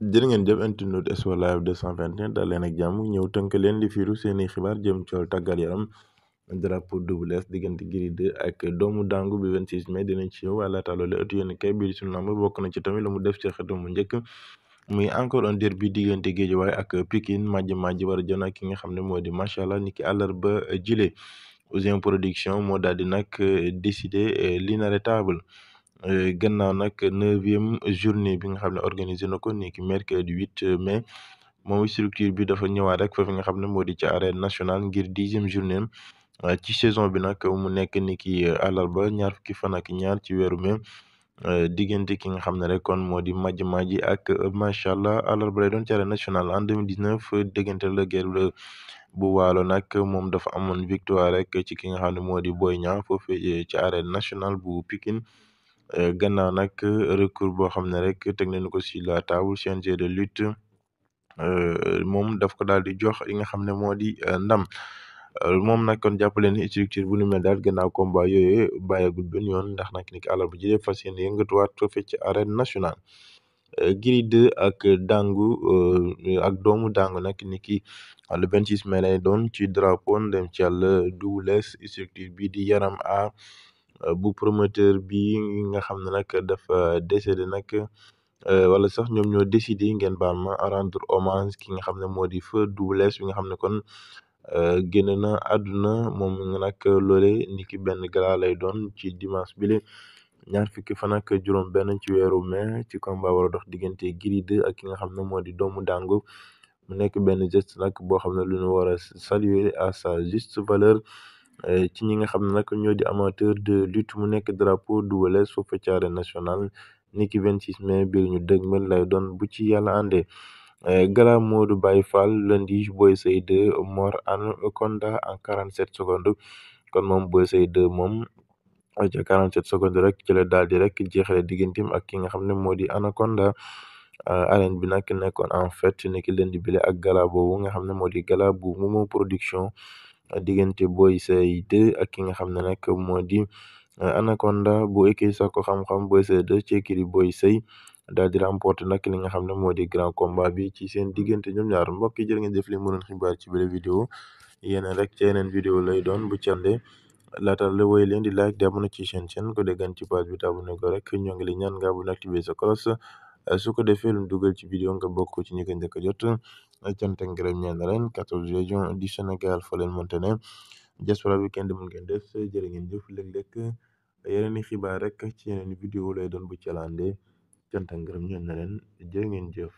jërë ngeen jëf internet SOS live 221 daal leen ak jàmm ñëw tënk leen li fiiru seeni xibaar jëm cool tàggat yaram drapeau Double Less diggante Gris ak doomu dangu bi vingt 26 mai dinañ ci walla laata loolu ëttu yéen kay biir suñu lamb bokk na ci tamit lu mu def ci xetam mu njëkk muy encore un derby diggante Guédiawaye ak Pikine majj majj war a jona ki nga xam ne moo di macha allah niki àllarba jile Ouzin Production moo daal di nag euh, décider euh, l'inarrêtable Eh, gannaaw nag neuvième journée bi nga xam ne organiser na ko ni ki mercredi huit mais moom structure bi dafa ñëwaat rek foofu nga xam ne moo di ci arène national ngir dixième journée eh, ci saison bi nag mu nekk ni ki àllarba ñaar fukki fan ak ñaar ci weeru mai eh, diggante ki nga xam ne rek kon moo di Madj Madj ak macha allah àllarba lay doon ci arène nationale en 2019 diggante la guerre bu waalo nag moom dafa amoon victoire rek ci ki nga xam ne moo di Boy Niang foofee ci arène national bu pikin Euh, gannaaw nag recours boo xam ne rek teg nañu ko si CNG de lutte euh, moom daf ko daal di jox li nga xam ne moo di euh, ndam moom nag kon jàppale ni structure bu nu mel daal gannaaw combat yooyu bàyyagul benn yoon ndax nag ni ki àllarba ji dee fas yéene yëngatuwaat ko fecc ci arène nationale. Gris 2 ak Dangu ak doomu Dangu nag ni ki le 26 mai lay doon ci drapeau dem ci yàlla Double Less structure bii di yaram a Euh, bu promoteur bi nga xam ne nag dafa décédé nag euh, wala sax ñoom ñoo décidé ngeen baal ma rendre hommage ki nga xam ne moo di feu Double Less bi nga xam ne kon euh, génn na àdduna moom nag loole ni ki benn gala lay doon ci dimanche bile ñaar fukki fan ak juróom benn ci weeru mai ci combat war dox diggante Gris ak ki nga xam ne moo di doomu dàngu mu nekk benn geste nag boo xam ne lu ñu war a saluer à sa juste valeur Eh, ci ñi nga xam ne nag ñoo di amateur de lutte mu nekk drapeau Double Less foofu national ni ki vingt 26 mai biir ñu dëgmal lay doon bu ci yàlla àndee. Eh, gala Modou Baye Fall lundi Boy Seye 2 Mor An Konda en 47 secondes kon moom Boy Seye moom ca 47 secondes rek ci la daal di rek jeexale digganteem ak ki nga xam ne moo di Anaconda eh, arène bi nag nekkoon en fait nekk lundi bile ak gala boobu nga xam ne moo di gala bu Momo production. diggante Boy Seye de ak ki nga xam ne nag moo di eh, Anaconda bu écurie Sakku Xam-Xam Boy Seye 2 ci écurie Boy Seye daal di remporté nag li nga xam ne moo di grand combat bi ci seen diggante ñoom ñaar mbokk yi jërë ngeen jëf li mënoon xibaar ci bële vidéo yeneen rek ci yeneen vidéo lay doon bu cande laataan la woy leen di like di abonné ci chaîne chaîne ko déggan ci page bi te abonné ko rek ñoo ngi leen ñaan nga abonné activé sa eh, su ko defee lu dugal ci vidéo nga bokk ci ñi ko njëkk a jot cant ak ngërëm ñeel na leen 14 régions du Sénégal fa leen ja ne diaspora bi kenn demul ngeen des jërë ngeen jëf léeg-léeg yeneen i xibaar rek ci yeneen vidéo lay doon bu ci laande cant ak ngërëm na leen jërë ngeen jëf.